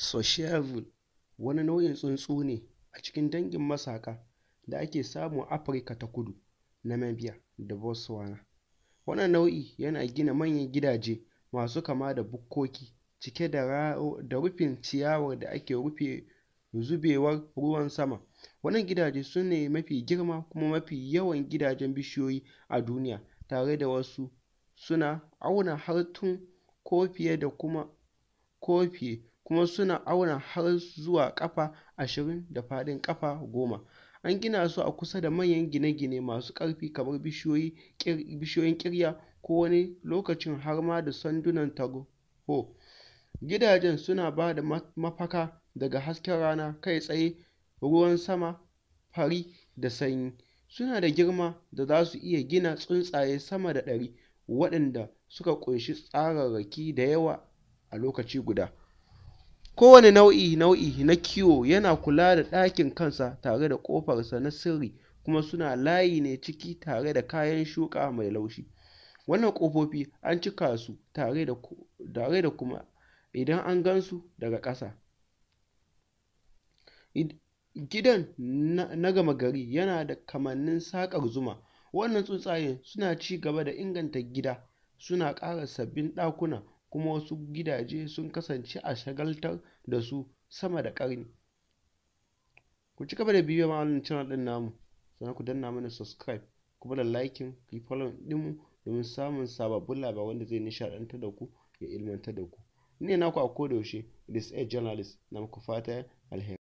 Sochiavul wani nau'in tsuntsu ne a cikin dangin masaka da ake samu a Afirka ta Kudu, na Namibia, da Botswana. Wannan nau'i yana gina manyan gidaje masu kama da bukkoki cike da rufin ciyawar da ake rufe zubewar ruwan sama. Wannan gidaje su ne mafi girma kuma mafi yawan gidajen bishiyoyi a duniya, tare da wasu suna auna har tun ko fiye da kuma ko fiye kuma suna auna har zuwa ƙafa ashirin da faɗin ƙafa goma. An gina su a kusa da manyan gine-gine masu ƙarfi kamar bishiyoyin ƙirya ko wani lokacin har ma da sandunan tarho. Gidajen suna ba da mafaka daga hasken rana kai tsaye, ruwan sama, fari da sanyi. Suna da girma da za su iya gina tsuntsaye sama da ɗari waɗanda suka ƙunshi tsararraki da yawa a lokaci guda. kowane nau'i nau'i na kiwo yana kula da ɗakin kansa tare da ƙofarsa na sirri kuma suna layi ne ciki tare da kayan shuka mai laushi wannan ƙofofi an cika su tare da kuma idan an gansu daga ƙasa gidan na gama gari yana da kamannin saƙar zuma wannan tsuntsaye suna ci gaba da inganta gida suna ƙara sabbin ɗakuna kuma wasu gidaje sun kasance a shagaltar da su sama da ƙarni ku ci gaba da biyu ma wannan channel din namu sannan ku danna mana subscribe kuma da liking ku dinmu domin samun sababbin labarai wanda zai nishadantar da ku ya ilmantar da ku ni ne naku a yaushe this a journalist na muku fata alheri